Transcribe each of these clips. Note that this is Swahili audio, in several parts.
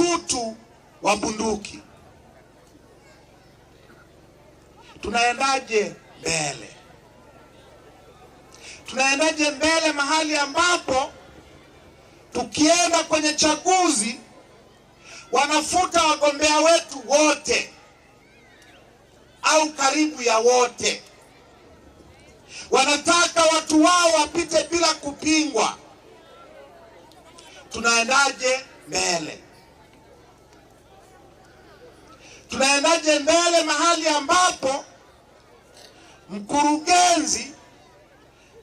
mtutu wa bunduki. Tunaendaje mbele? Tunaendaje mbele mahali ambapo tukienda kwenye chaguzi wanafuta wagombea wetu wote au karibu ya wote. Wanataka watu wao wapite bila kupingwa. Tunaendaje mbele? tunaendaje mbele mahali ambapo mkurugenzi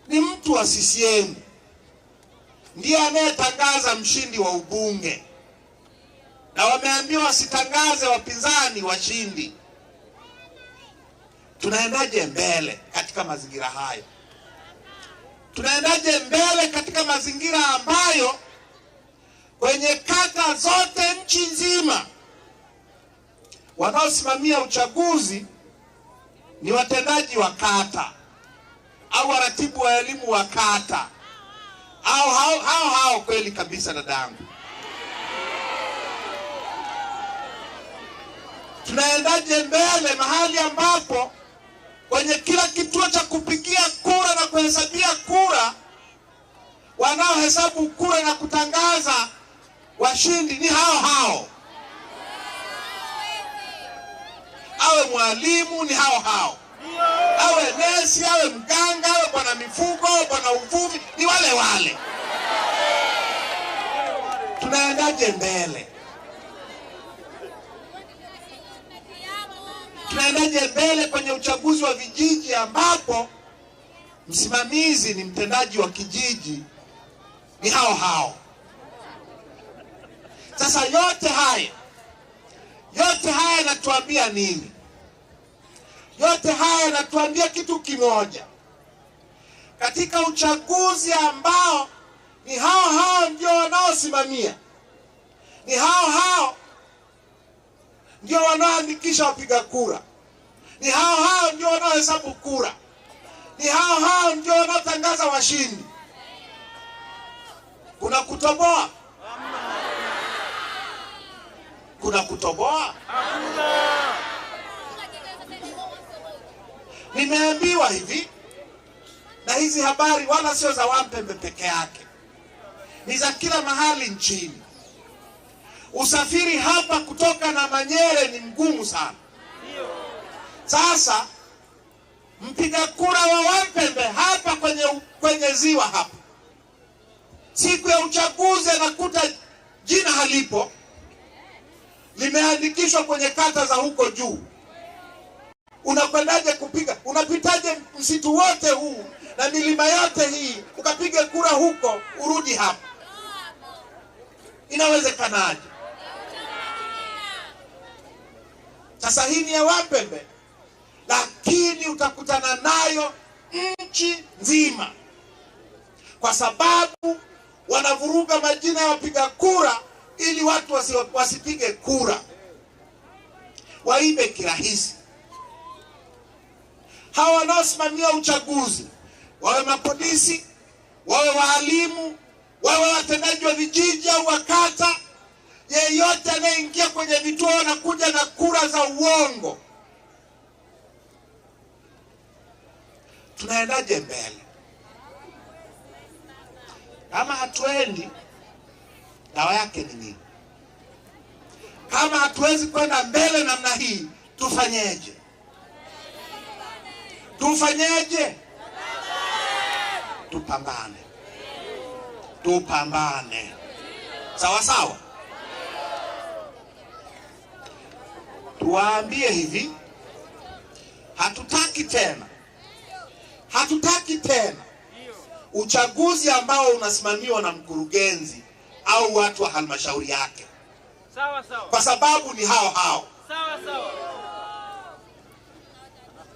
ni mtu wa CCM ndiye anayetangaza mshindi wa ubunge, na wameambiwa wasitangaze wapinzani washindi. Tunaendaje mbele katika mazingira hayo? Tunaendaje mbele katika mazingira ambayo kwenye kata zote nchi Wanaosimamia uchaguzi ni watendaji wa kata au waratibu wa elimu wa kata au hao hao hao. Kweli kabisa, dadangu, tunaendaje mbele mahali ambapo kwenye kila kituo cha kupigia kura na kuhesabia kura, wanaohesabu kura na kutangaza washindi ni hao hao? awe mwalimu ni hao hao, awe nesi, awe mganga, awe bwana mifugo, bwana uvuvi, ni wale wale. Tunaendaje mbele? Tunaendaje mbele kwenye uchaguzi wa vijiji ambapo msimamizi ni mtendaji wa kijiji ni hao hao. Sasa yote haya yote haya yanatuambia nini? Yote haya yanatuambia kitu kimoja, katika uchaguzi ambao ni hao hao ndio wanaosimamia, ni hao hao ndio wanaoandikisha wapiga kura, ni hao hao ndio wanaohesabu kura, ni hao hao ndio wanaotangaza washindi. Kuna kutoboa? Kuna kutoboa? Nimeambiwa hivi, na hizi habari wala sio za Wampembe peke yake, ni za kila mahali nchini. Usafiri hapa kutoka na Manyere ni mgumu sana. Sasa mpiga kura wa Wampembe hapa kwenye, kwenye ziwa hapa, siku ya uchaguzi anakuta jina halipo limeandikishwa kwenye kata za huko juu Unakwendaje kupiga? Unapitaje msitu wote huu na milima yote hii ukapiga kura huko urudi hapa? Inawezekanaje? Sasa hii ni ya Wapembe, lakini utakutana nayo nchi nzima, kwa sababu wanavuruga majina ya wapiga kura ili watu wasipige kura, waibe kirahisi hawa wanaosimamia uchaguzi, wawe mapolisi, wawe waalimu, wawe watendaji wa vijiji au wakata yeyote anayeingia kwenye vituo anakuja na kura za uongo, tunaendaje mbele? Kama hatuendi, dawa yake ni nini? Kama hatuwezi kwenda mbele namna hii, tufanyeje? tufanyeje? Tupambane, tupambane, sawa sawa. Tuwaambie hivi, hatutaki tena, hatutaki tena uchaguzi ambao unasimamiwa na mkurugenzi au watu wa halmashauri yake, sawa sawa, kwa sababu ni hao hao, sawa sawa.